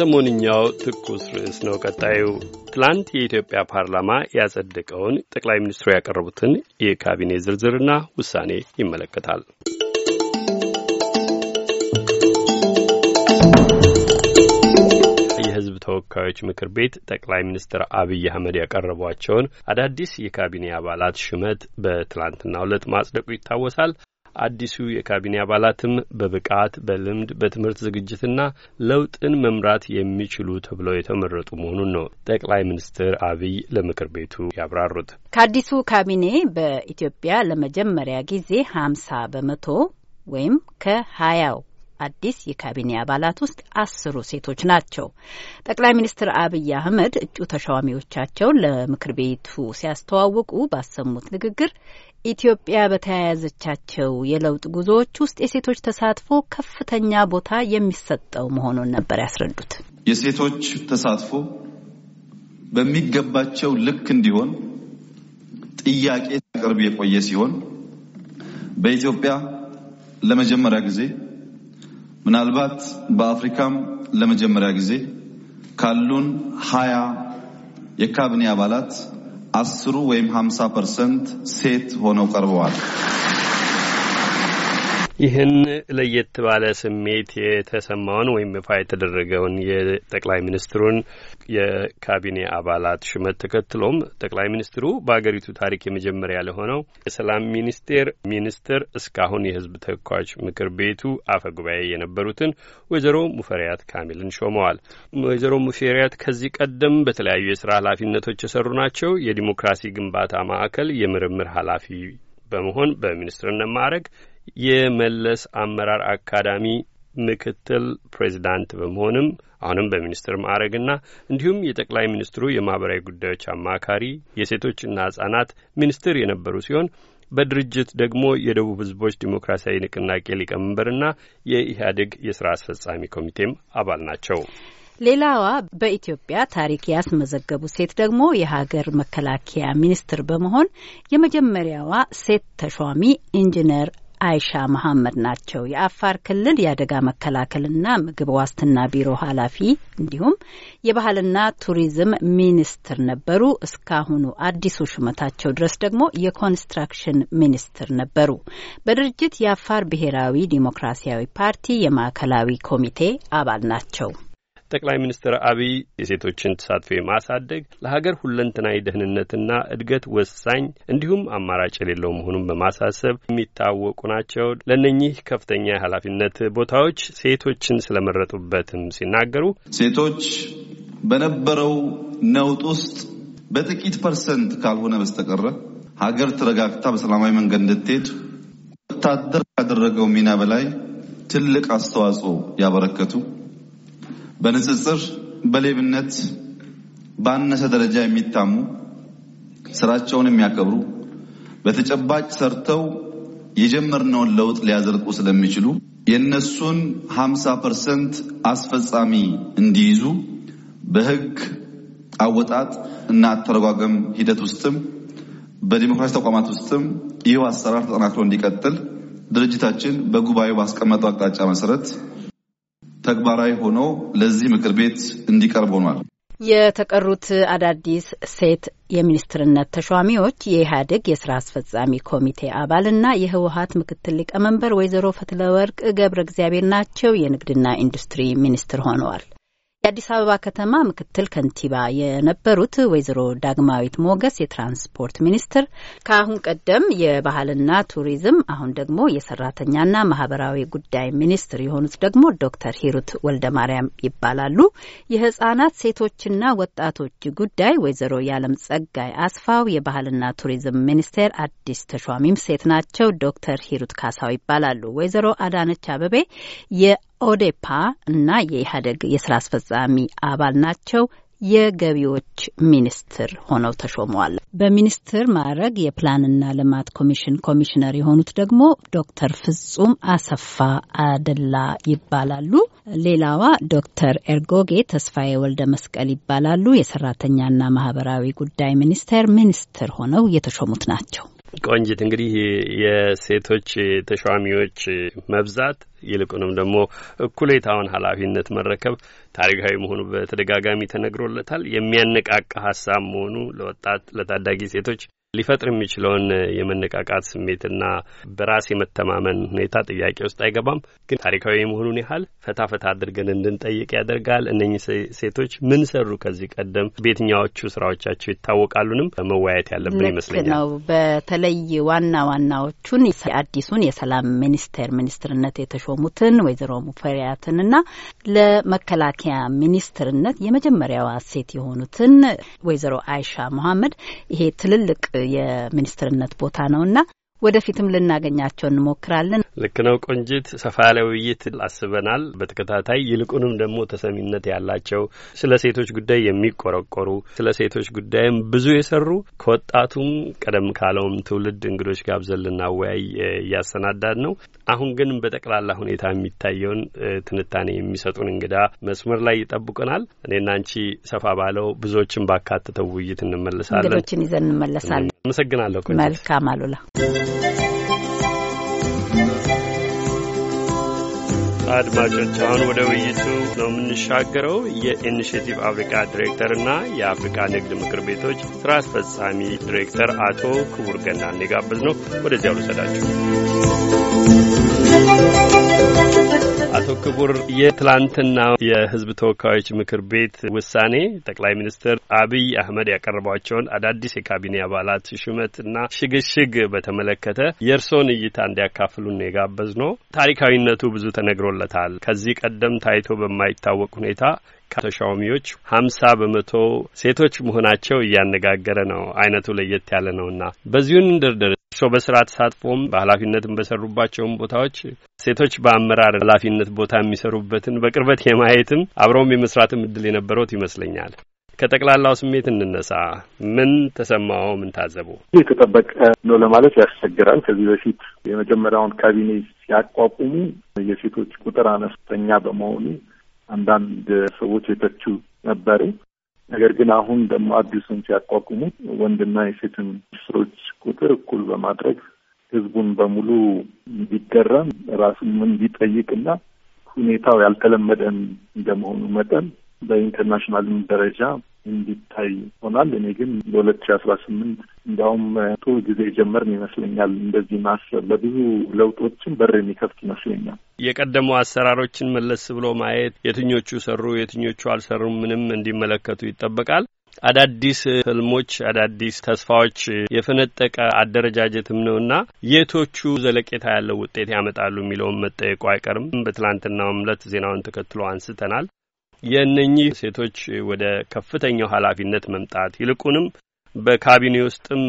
ሰሞንኛው ትኩስ ርዕስ ነው ቀጣዩ። ትላንት የኢትዮጵያ ፓርላማ ያጸደቀውን ጠቅላይ ሚኒስትሩ ያቀረቡትን የካቢኔ ዝርዝርና ውሳኔ ይመለከታል። ተወካዮች ምክር ቤት ጠቅላይ ሚኒስትር አብይ አህመድ ያቀረቧቸውን አዳዲስ የካቢኔ አባላት ሹመት በትላንትናው ዕለት ማጽደቁ ይታወሳል። አዲሱ የካቢኔ አባላትም በብቃት በልምድ በትምህርት ዝግጅትና ለውጥን መምራት የሚችሉ ተብለው የተመረጡ መሆኑን ነው ጠቅላይ ሚኒስትር አብይ ለምክር ቤቱ ያብራሩት። ከአዲሱ ካቢኔ በኢትዮጵያ ለመጀመሪያ ጊዜ ሀምሳ በመቶ ወይም ከሀያው አዲስ የካቢኔ አባላት ውስጥ አስሩ ሴቶች ናቸው። ጠቅላይ ሚኒስትር አብይ አህመድ እጩ ተሿሚዎቻቸውን ለምክር ቤቱ ሲያስተዋውቁ ባሰሙት ንግግር ኢትዮጵያ በተያያዘቻቸው የለውጥ ጉዞዎች ውስጥ የሴቶች ተሳትፎ ከፍተኛ ቦታ የሚሰጠው መሆኑን ነበር ያስረዱት። የሴቶች ተሳትፎ በሚገባቸው ልክ እንዲሆን ጥያቄ ቅርብ የቆየ ሲሆን በኢትዮጵያ ለመጀመሪያ ጊዜ ምናልባት በአፍሪካም ለመጀመሪያ ጊዜ ካሉን ሀያ የካቢኔ አባላት አስሩ ወይም 50 ሴት ሆነው ቀርበዋል። ይህን ለየት ባለ ስሜት የተሰማውን ወይም ይፋ የተደረገውን የጠቅላይ ሚኒስትሩን የካቢኔ አባላት ሹመት ተከትሎም ጠቅላይ ሚኒስትሩ በሀገሪቱ ታሪክ የመጀመሪያ ለሆነው የሰላም ሚኒስቴር ሚኒስትር እስካሁን የሕዝብ ተወካዮች ምክር ቤቱ አፈ ጉባኤ የነበሩትን ወይዘሮ ሙፈሪያት ካሚልን ሾመዋል። ወይዘሮ ሙፈሪያት ከዚህ ቀደም በተለያዩ የስራ ኃላፊነቶች የሰሩ ናቸው። የዲሞክራሲ ግንባታ ማዕከል የምርምር ኃላፊ በመሆን በሚኒስትርነት ማዕረግ የመለስ አመራር አካዳሚ ምክትል ፕሬዚዳንት በመሆንም አሁንም በሚኒስትር ማዕረግና እንዲሁም የጠቅላይ ሚኒስትሩ የማህበራዊ ጉዳዮች አማካሪ የሴቶችና ህጻናት ሚኒስትር የነበሩ ሲሆን በድርጅት ደግሞ የደቡብ ህዝቦች ዲሞክራሲያዊ ንቅናቄ ሊቀመንበርና የኢህአዴግ የስራ አስፈጻሚ ኮሚቴም አባል ናቸው። ሌላዋ በኢትዮጵያ ታሪክ ያስመዘገቡ ሴት ደግሞ የሀገር መከላከያ ሚኒስትር በመሆን የመጀመሪያዋ ሴት ተሿሚ ኢንጂነር አይሻ መሐመድ ናቸው። የአፋር ክልል የአደጋ መከላከልና ምግብ ዋስትና ቢሮ ኃላፊ እንዲሁም የባህልና ቱሪዝም ሚኒስትር ነበሩ። እስካሁኑ አዲሱ ሹመታቸው ድረስ ደግሞ የኮንስትራክሽን ሚኒስትር ነበሩ። በድርጅት የአፋር ብሔራዊ ዲሞክራሲያዊ ፓርቲ የማዕከላዊ ኮሚቴ አባል ናቸው። ጠቅላይ ሚኒስትር አብይ የሴቶችን ተሳትፎ ማሳደግ ለሀገር ሁለንተናዊ ደህንነትና እድገት ወሳኝ እንዲሁም አማራጭ የሌለው መሆኑን በማሳሰብ የሚታወቁ ናቸው። ለእነኚህ ከፍተኛ የኃላፊነት ቦታዎች ሴቶችን ስለመረጡበትም ሲናገሩ ሴቶች በነበረው ነውጥ ውስጥ በጥቂት ፐርሰንት ካልሆነ በስተቀረ ሀገር ተረጋግታ በሰላማዊ መንገድ እንድትሄድ ወታደር ካደረገው ሚና በላይ ትልቅ አስተዋጽኦ ያበረከቱ በንጽጽር በሌብነት ባነሰ ደረጃ የሚታሙ ስራቸውን የሚያከብሩ በተጨባጭ ሰርተው የጀመርነውን ለውጥ ሊያዘልቁ ስለሚችሉ የእነሱን 50 ፐርሰንት አስፈጻሚ እንዲይዙ በህግ አወጣጥ እና አተረጓገም ሂደት ውስጥም በዲሞክራሲ ተቋማት ውስጥም ይህ አሰራር ተጠናክሮ እንዲቀጥል ድርጅታችን በጉባኤው ባስቀመጠው አቅጣጫ መሰረት ተግባራዊ ሆነው ለዚህ ምክር ቤት እንዲቀርብ ሆኗል። የተቀሩት አዳዲስ ሴት የሚኒስትርነት ተሿሚዎች የኢህአዴግ የስራ አስፈጻሚ ኮሚቴ አባልና የህወሀት ምክትል ሊቀመንበር ወይዘሮ ፈትለወርቅ ገብረ እግዚአብሔር ናቸው። የንግድና ኢንዱስትሪ ሚኒስትር ሆነዋል። የአዲስ አበባ ከተማ ምክትል ከንቲባ የነበሩት ወይዘሮ ዳግማዊት ሞገስ የትራንስፖርት ሚኒስትር ከአሁን ቀደም የባህልና ቱሪዝም አሁን ደግሞ የሰራተኛና ማህበራዊ ጉዳይ ሚኒስትር የሆኑት ደግሞ ዶክተር ሂሩት ወልደ ማርያም ይባላሉ። የህጻናት ሴቶችና ወጣቶች ጉዳይ ወይዘሮ የዓለም ጸጋይ አስፋው የባህልና ቱሪዝም ሚኒስቴር አዲስ ተሿሚም ሴት ናቸው። ዶክተር ሂሩት ካሳው ይባላሉ። ወይዘሮ አዳነች አበቤ ኦዴፓ እና የኢህአዴግ የስራ አስፈጻሚ አባል ናቸው። የገቢዎች ሚኒስትር ሆነው ተሾመዋል። በሚኒስትር ማዕረግ የፕላንና ልማት ኮሚሽን ኮሚሽነር የሆኑት ደግሞ ዶክተር ፍጹም አሰፋ አደላ ይባላሉ። ሌላዋ ዶክተር ኤርጎጌ ተስፋዬ ወልደ መስቀል ይባላሉ። የሰራተኛና ማህበራዊ ጉዳይ ሚኒስቴር ሚኒስትር ሆነው የተሾሙት ናቸው። ቆንጅት እንግዲህ የሴቶች ተሿሚዎች መብዛት ይልቁንም ደግሞ እኩሌታውን ኃላፊነት መረከብ ታሪካዊ መሆኑ በተደጋጋሚ ተነግሮለታል። የሚያነቃቃ ሀሳብ መሆኑ ለወጣት ለታዳጊ ሴቶች ሊፈጥር የሚችለውን የመነቃቃት ስሜትና በራስ የመተማመን ሁኔታ ጥያቄ ውስጥ አይገባም። ግን ታሪካዊ መሆኑን ያህል ፈታ ፈታ አድርገን እንድንጠይቅ ያደርጋል። እነኚህ ሴቶች ምን ሰሩ ከዚህ ቀደም በየትኛዎቹ ስራዎቻቸው ይታወቃሉንም መወያየት ያለብን ይመስለኛል ነው። በተለይ ዋና ዋናዎቹን አዲሱን የሰላም ሚኒስቴር ሚኒስትርነት የተሾሙትን ወይዘሮ ሙፈሪያትንና ለመከላከያ ሚኒስትርነት የመጀመሪያዋ ሴት የሆኑትን ወይዘሮ አይሻ መሀመድ ይሄ ትልልቅ የሚኒስትርነት ቦታ ነው እና ወደፊትም ልናገኛቸው እንሞክራለን። ልክ ነው ቆንጂት፣ ሰፋ ያለ ውይይት አስበናል። በተከታታይ ይልቁንም ደግሞ ተሰሚነት ያላቸው ስለ ሴቶች ጉዳይ የሚቆረቆሩ ስለ ሴቶች ጉዳይም ብዙ የሰሩ ከወጣቱም ቀደም ካለውም ትውልድ እንግዶች ጋብዘን ልናወያይ እያሰናዳን ነው። አሁን ግን በጠቅላላ ሁኔታ የሚታየውን ትንታኔ የሚሰጡን እንግዳ መስመር ላይ ይጠብቁናል። እኔና አንቺ ሰፋ ባለው ብዙዎችን ባካተተው ውይይት እንመለሳለን። እንግዶችን ይዘን እንመለሳለን። አመሰግናለሁ። መልካም አሉላ አድማጮች አሁን ወደ ውይይቱ ነው የምንሻገረው። የኢኒሽቲቭ አፍሪካ ዲሬክተር እና የአፍሪካ ንግድ ምክር ቤቶች ስራ አስፈጻሚ ዲሬክተር አቶ ክቡር ገና እንጋብዝ ነው። ወደዚያ ልውሰዳችሁ። አቶ ክቡር የትላንትና የህዝብ ተወካዮች ምክር ቤት ውሳኔ ጠቅላይ ሚኒስትር አብይ አህመድ ያቀረቧቸውን አዳዲስ የካቢኔ አባላት ሹመትና ሽግሽግ በተመለከተ የእርስዎን እይታ እንዲያካፍሉን የጋበዝ ነው። ታሪካዊነቱ ብዙ ተነግሮለታል። ከዚህ ቀደም ታይቶ በማይታወቅ ሁኔታ ከተሿሚዎች ሀምሳ በመቶ ሴቶች መሆናቸው እያነጋገረ ነው። አይነቱ ለየት ያለ ነውና በዚሁን እንደርደር እርስዎ በስራ ተሳትፎም በኃላፊነትም በሰሩባቸውም ቦታዎች ሴቶች በአመራር ኃላፊነት ቦታ የሚሰሩበትን በቅርበት የማየትም አብረውም የመስራትም እድል የነበረውት ይመስለኛል። ከጠቅላላው ስሜት እንነሳ። ምን ተሰማው? ምን ታዘቡ? የተጠበቀ ነው ለማለት ያስቸግራል። ከዚህ በፊት የመጀመሪያውን ካቢኔ ሲያቋቁሙ የሴቶች ቁጥር አነስተኛ በመሆኑ አንዳንድ ሰዎች የተቹ ነበሩ። ነገር ግን አሁን ደግሞ አዲሱን ሲያቋቁሙ ወንድና የሴትን ሚኒስትሮች ቁጥር እኩል በማድረግ ህዝቡን በሙሉ እንዲገረም ራሱን እንዲጠይቅና ሁኔታው ያልተለመደ እንደመሆኑ መጠን በኢንተርናሽናልም ደረጃ እንዲታይ ሆናል። እኔ ግን በሁለት ሺ አስራ ስምንት እንዲያውም ጥሩ ጊዜ ጀመርን ይመስለኛል። እንደዚህ ማሰብ ለብዙ ለውጦችን በር የሚከፍት ይመስለኛል። የቀደሙ አሰራሮችን መለስ ብሎ ማየት፣ የትኞቹ ሰሩ፣ የትኞቹ አልሰሩም፣ ምንም እንዲመለከቱ ይጠበቃል። አዳዲስ ህልሞች፣ አዳዲስ ተስፋዎች የፈነጠቀ አደረጃጀትም ነውና የቶቹ ዘለቄታ ያለው ውጤት ያመጣሉ የሚለውን መጠየቁ አይቀርም። በትላንትናው ዕለት ዜናውን ተከትሎ አንስተናል። የእነኚህ ሴቶች ወደ ከፍተኛው ኃላፊነት መምጣት ይልቁንም በካቢኔ ውስጥም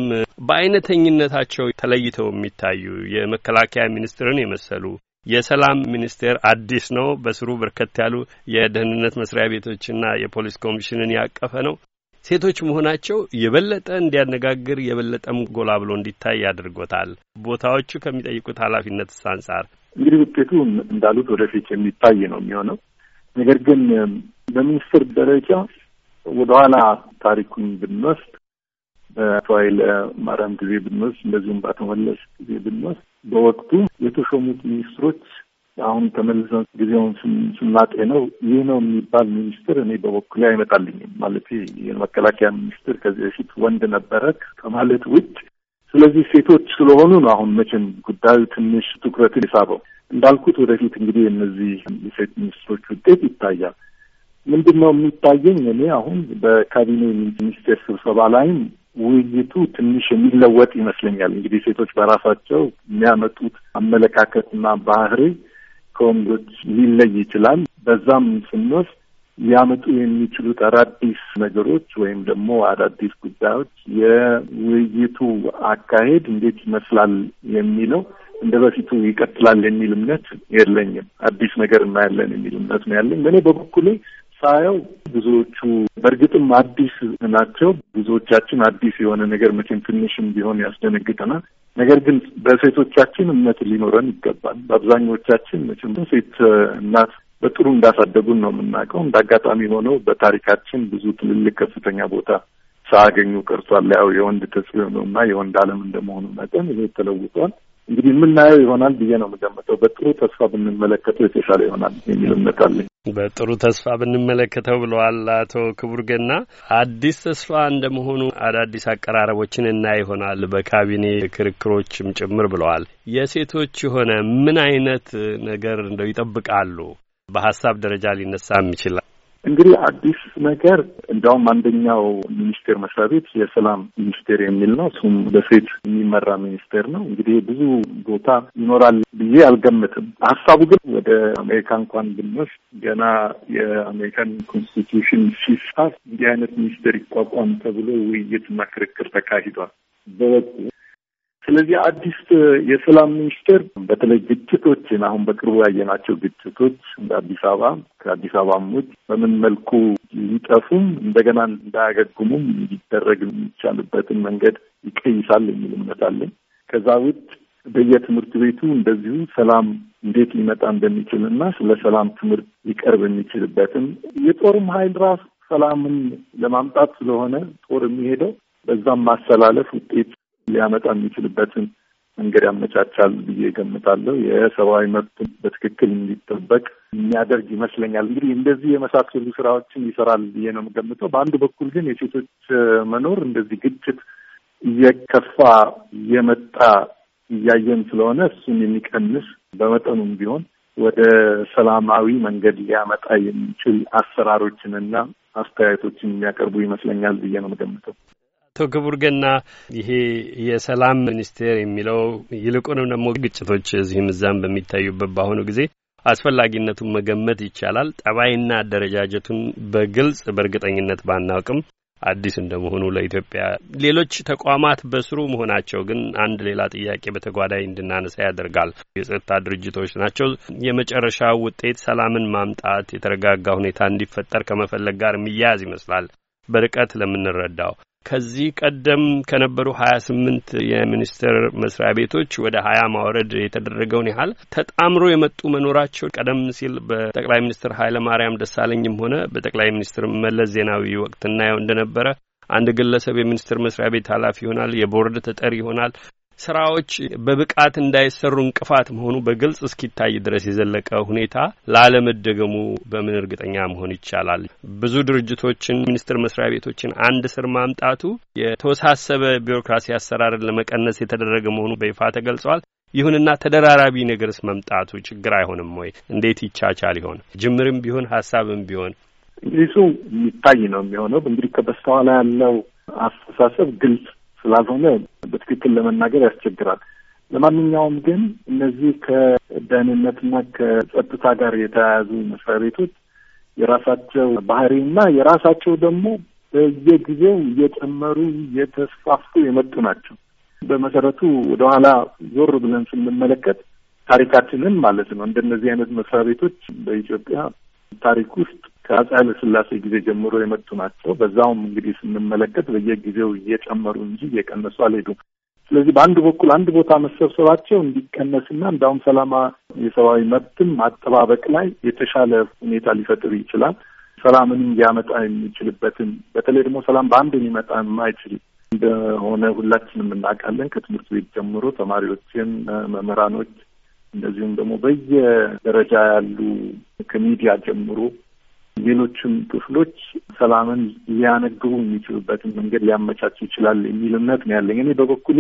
በአይነተኝነታቸው ተለይተው የሚታዩ የመከላከያ ሚኒስትርን የመሰሉ የሰላም ሚኒስቴር አዲስ ነው። በስሩ በርከት ያሉ የደህንነት መስሪያ ቤቶችና የፖሊስ ኮሚሽንን ያቀፈ ነው። ሴቶች መሆናቸው የበለጠ እንዲያነጋግር የበለጠም ጎላ ብሎ እንዲታይ አድርጎታል። ቦታዎቹ ከሚጠይቁት ኃላፊነት አንጻር እንግዲህ ውጤቱ እንዳሉት ወደፊት የሚታይ ነው የሚሆነው። ነገር ግን በሚኒስትር ደረጃ ወደኋላ ታሪኩን ብንወስድ በአቶ ኃይለ ማርያም ጊዜ ብንወስድ፣ እንደዚሁም በአቶ መለስ ጊዜ ብንወስድ በወቅቱ የተሾሙት ሚኒስትሮች አሁን ተመልሰን ጊዜውን ስናጤ ነው ይህ ነው የሚባል ሚኒስትር እኔ በበኩሌ አይመጣልኝም። ማለት የመከላከያ ሚኒስትር ከዚህ በፊት ወንድ ነበረ ከማለት ውጭ ስለዚህ ሴቶች ስለሆኑ ነው። አሁን መቼም ጉዳዩ ትንሽ ትኩረትን የሳበው እንዳልኩት ወደፊት እንግዲህ እነዚህ የሴት ሚኒስትሮች ውጤት ይታያል። ምንድን ነው የሚታየኝ እኔ አሁን በካቢኔ ሚኒስቴር ስብሰባ ላይም ውይይቱ ትንሽ የሚለወጥ ይመስለኛል። እንግዲህ ሴቶች በራሳቸው የሚያመጡት አመለካከትና ባህሪ ከወንዶች ሊለይ ይችላል። በዛም ስንወስድ ሊያመጡ የሚችሉት አዳዲስ ነገሮች ወይም ደግሞ አዳዲስ ጉዳዮች የውይይቱ አካሄድ እንዴት ይመስላል የሚለው እንደ በፊቱ ይቀጥላል የሚል እምነት የለኝም። አዲስ ነገር እናያለን የሚል እምነት ነው ያለኝ። እኔ በበኩሌ ሳየው ብዙዎቹ በእርግጥም አዲስ ናቸው። ብዙዎቻችን አዲስ የሆነ ነገር መቼም ትንሽም ቢሆን ያስደነግጠናል። ነገር ግን በሴቶቻችን እምነት ሊኖረን ይገባል። በአብዛኞቻችን መቼም ሴት እናት በጥሩ እንዳሳደጉን ነው የምናውቀው። እንደ አጋጣሚ ሆነው በታሪካችን ብዙ ትልልቅ ከፍተኛ ቦታ ሳያገኙ ቀርቷል። ያው የወንድ ተጽዕኖ እና የወንድ ዓለም እንደመሆኑ መጠን ይሄ ተለውጧል። እንግዲህ የምናየው ይሆናል ብዬ ነው የምገምተው። በጥሩ ተስፋ ብንመለከተው የተሻለ ይሆናል የሚል እምነት አለኝ። በጥሩ ተስፋ ብንመለከተው ብለዋል አቶ ክቡር ገና። አዲስ ተስፋ እንደመሆኑ አዳዲስ አቀራረቦችን እና ይሆናል በካቢኔ ክርክሮችም ጭምር ብለዋል። የሴቶች የሆነ ምን አይነት ነገር እንደው ይጠብቃሉ? በሀሳብ ደረጃ ሊነሳ ይችላል። እንግዲህ አዲስ ነገር እንዲያውም አንደኛው ሚኒስቴር መስሪያ ቤት የሰላም ሚኒስቴር የሚል ነው። እሱም በሴት የሚመራ ሚኒስቴር ነው። እንግዲህ ብዙ ቦታ ይኖራል ብዬ አልገምትም። ሀሳቡ ግን ወደ አሜሪካ እንኳን ብንወስ ገና የአሜሪካን ኮንስቲትዩሽን ሲጻፍ እንዲህ አይነት ሚኒስቴር ይቋቋም ተብሎ ውይይትና ክርክር ተካሂዷል። በወቅቱ ስለዚህ አዲስ የሰላም ሚኒስቴር በተለይ ግጭቶችን አሁን በቅርቡ ያየናቸው ግጭቶች እንደ አዲስ አበባ ከአዲስ አበባም ውጭ በምን መልኩ ሊጠፉም እንደገና እንዳያገግሙም ሊደረግ የሚቻልበትን መንገድ ይቀይሳል የሚል እምነት አለኝ። ከዛ ውጭ በየትምህርት ቤቱ እንደዚሁ ሰላም እንዴት ሊመጣ እንደሚችል እና ስለ ሰላም ትምህርት ሊቀርብ የሚችልበትም የጦርም ኃይል ራሱ ሰላምን ለማምጣት ስለሆነ ጦር የሚሄደው በዛም ማሰላለፍ ውጤት ሊያመጣ የሚችልበትን መንገድ ያመቻቻል ብዬ ገምታለሁ። የሰብአዊ መብት በትክክል እንዲጠበቅ የሚያደርግ ይመስለኛል። እንግዲህ እንደዚህ የመሳሰሉ ስራዎችን ይሰራል ብዬ ነው የምገምተው። በአንድ በኩል ግን የሴቶች መኖር እንደዚህ ግጭት እየከፋ እየመጣ እያየን ስለሆነ እሱን የሚቀንስ በመጠኑም ቢሆን ወደ ሰላማዊ መንገድ ሊያመጣ የሚችል አሰራሮችንና አስተያየቶችን የሚያቀርቡ ይመስለኛል ብዬ ነው የምገምተው። ክቡር ገና ይሄ የሰላም ሚኒስቴር የሚለው ይልቁንም ደግሞ ግጭቶች እዚህም እዛም በሚታዩበት በአሁኑ ጊዜ አስፈላጊነቱን መገመት ይቻላል። ጠባይና አደረጃጀቱን በግልጽ በእርግጠኝነት ባናውቅም አዲስ እንደመሆኑ ለኢትዮጵያ ሌሎች ተቋማት በስሩ መሆናቸው ግን አንድ ሌላ ጥያቄ በተጓዳኝ እንድናነሳ ያደርጋል። የጸጥታ ድርጅቶች ናቸው። የመጨረሻ ውጤት ሰላምን ማምጣት የተረጋጋ ሁኔታ እንዲፈጠር ከመፈለግ ጋር የሚያያዝ ይመስላል በርቀት ለምንረዳው ከዚህ ቀደም ከነበሩ ሀያ ስምንት የሚኒስቴር መስሪያ ቤቶች ወደ ሀያ ማውረድ የተደረገውን ያህል ተጣምሮ የመጡ መኖራቸው ቀደም ሲል በጠቅላይ ሚኒስትር ኃይለ ማርያም ደሳለኝም ሆነ በጠቅላይ ሚኒስትር መለስ ዜናዊ ወቅት እናየው እንደነበረ አንድ ግለሰብ የሚኒስትር መስሪያ ቤት ኃላፊ ይሆናል፣ የቦርድ ተጠሪ ይሆናል፣ ስራዎች በብቃት እንዳይሰሩ እንቅፋት መሆኑ በግልጽ እስኪታይ ድረስ የዘለቀ ሁኔታ ላለመደገሙ በምን እርግጠኛ መሆን ይቻላል? ብዙ ድርጅቶችን፣ ሚኒስቴር መስሪያ ቤቶችን አንድ ስር ማምጣቱ የተወሳሰበ ቢሮክራሲ አሰራርን ለመቀነስ የተደረገ መሆኑ በይፋ ተገልጿል። ይሁንና ተደራራቢ ነገርስ መምጣቱ ችግር አይሆንም ወይ? እንዴት ይቻቻል ይሆን? ጅምርም ቢሆን ሀሳብም ቢሆን እንግዲህ እሱ የሚታይ ነው የሚሆነው። እንግዲህ ከበስተኋላ ያለው አስተሳሰብ ግልጽ ስላልሆነ በትክክል ለመናገር ያስቸግራል። ለማንኛውም ግን እነዚህ ከደህንነትና ከጸጥታ ጋር የተያያዙ መስሪያ ቤቶች የራሳቸው ባህሪ እና የራሳቸው ደግሞ በየጊዜው እየጨመሩ እየተስፋፉ የመጡ ናቸው። በመሰረቱ ወደኋላ ዞር ብለን ስንመለከት ታሪካችንን ማለት ነው እንደነዚህ አይነት መስሪያ ቤቶች በኢትዮጵያ ታሪክ ውስጥ ከአፄ ኃይለ ሥላሴ ጊዜ ጀምሮ የመጡ ናቸው። በዛውም እንግዲህ ስንመለከት በየጊዜው እየጨመሩ እንጂ እየቀነሱ አልሄዱም። ስለዚህ በአንድ በኩል አንድ ቦታ መሰብሰባቸው እንዲቀነስና እንዳውም ሰላማ የሰብአዊ መብትም ማጠባበቅ ላይ የተሻለ ሁኔታ ሊፈጥር ይችላል። ሰላምንም ሊያመጣ የሚችልበትን በተለይ ደግሞ ሰላም በአንድ ሊመጣ የማይችል እንደሆነ ሁላችንም እናውቃለን። ከትምህርት ቤት ጀምሮ ተማሪዎችን፣ መምህራኖች እንደዚሁም ደግሞ በየደረጃ ያሉ ከሚዲያ ጀምሮ ሌሎችም ክፍሎች ሰላምን ሊያነግቡ የሚችሉበትን መንገድ ሊያመቻቹ ይችላል የሚል እምነት ነው ያለኝ። እኔ በበኩሌ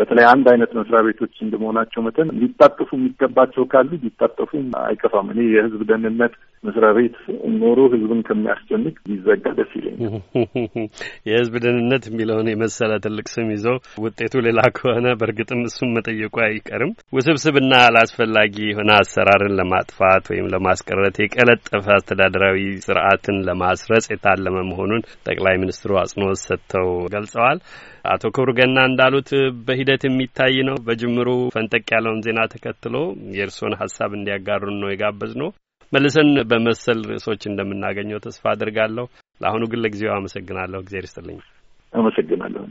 በተለይ አንድ አይነት መስሪያ ቤቶች እንደመሆናቸው መጠን ሊጣጠፉ የሚገባቸው ካሉ ሊጣጠፉ አይከፋም። እኔ የህዝብ ደህንነት መስሪያ ቤት ኖሮ ህዝብን ከሚያስጨንቅ ቢዘጋ ደስ ይለኛል። የህዝብ ደህንነት የሚለውን የመሰለ ትልቅ ስም ይዞ ውጤቱ ሌላ ከሆነ በእርግጥም እሱም መጠየቁ አይቀርም። ውስብስብና አላስፈላጊ የሆነ አሰራርን ለማጥፋት ወይም ለማስቀረት የቀለጠፈ አስተዳደራዊ ስርዓትን ለማስረጽ የታለመ መሆኑን ጠቅላይ ሚኒስትሩ አጽንኦት ሰጥተው ገልጸዋል። አቶ ክብሩ ገና እንዳሉት በሂደት የሚታይ ነው። በጅምሩ ፈንጠቅ ያለውን ዜና ተከትሎ የእርስዎን ሀሳብ እንዲያጋሩን ነው የጋበዝ ነው። መልሰን በመሰል ርዕሶች እንደምናገኘው ተስፋ አድርጋለሁ። ለአሁኑ ግን ለጊዜው አመሰግናለሁ። እግዜር ይስጥልኝ። አመሰግናለሁ።